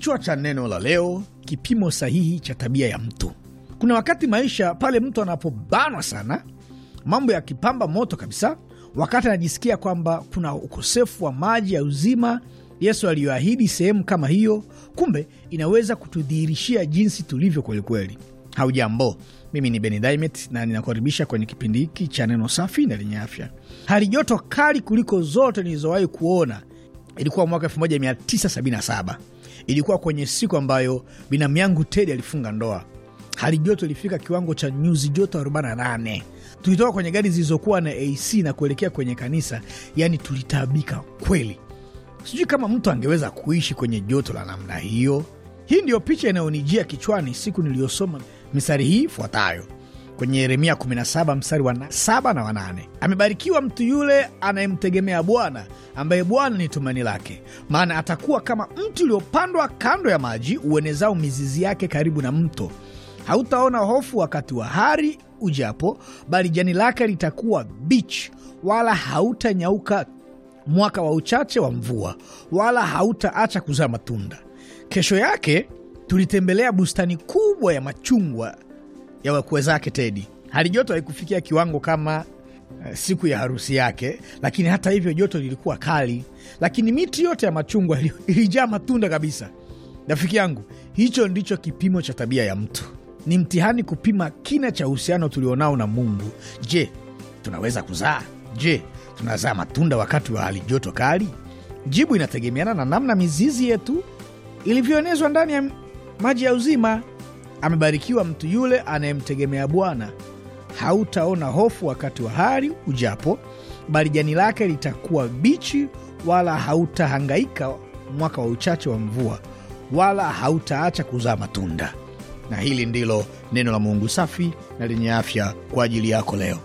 Kichwa cha neno la leo: kipimo sahihi cha tabia ya mtu. Kuna wakati maisha, pale mtu anapobanwa sana, mambo yakipamba moto kabisa, wakati anajisikia kwamba kuna ukosefu wa maji ya uzima Yesu aliyoahidi sehemu kama hiyo, kumbe inaweza kutudhihirishia jinsi tulivyo kwelikweli. Haujambo, mimi ni Beni Dimet na ninakukaribisha kwenye kipindi hiki cha neno safi na lenye afya. Hali joto kali kuliko zote nilizowahi kuona ilikuwa mwaka 1977 ilikuwa kwenye siku ambayo binamu yangu Tedi alifunga ndoa. Hali joto ilifika kiwango cha nyuzi joto 48. Tulitoka kwenye gari zilizokuwa na AC na kuelekea kwenye kanisa, yaani tulitaabika kweli. Sijui kama mtu angeweza kuishi kwenye joto la namna hiyo. Hii ndiyo picha inayonijia kichwani siku niliyosoma misari hii fuatayo kwenye Yeremia 17 mstari wa 7 na wa 8, amebarikiwa mtu yule anayemtegemea Bwana, ambaye Bwana ni tumaini lake, maana atakuwa kama mti uliopandwa kando ya maji, uenezao mizizi yake karibu na mto. Hautaona hofu wakati wa hari ujapo, bali jani lake litakuwa bichi, wala hautanyauka mwaka wa uchache wa mvua, wala hautaacha kuzaa matunda. Kesho yake tulitembelea bustani kubwa ya machungwa ya wakwe zake Tedi. hali joto haikufikia kiwango kama eh, siku ya harusi yake, lakini hata hivyo joto lilikuwa kali, lakini miti yote ya machungwa ilijaa matunda kabisa. Rafiki yangu, hicho ndicho kipimo cha tabia ya mtu. Ni mtihani kupima kina cha uhusiano tulionao na Mungu. Je, tunaweza kuzaa? Je, tunazaa matunda wakati wa hali joto kali? Jibu inategemeana na namna mizizi yetu ilivyoenezwa ndani ya maji ya uzima. Amebarikiwa mtu yule anayemtegemea Bwana. Hautaona hofu wakati wa hali ujapo, bali jani lake litakuwa bichi, wala hautahangaika mwaka wa uchache wa mvua, wala hautaacha kuzaa matunda. Na hili ndilo neno la Mungu safi na lenye afya kwa ajili yako leo.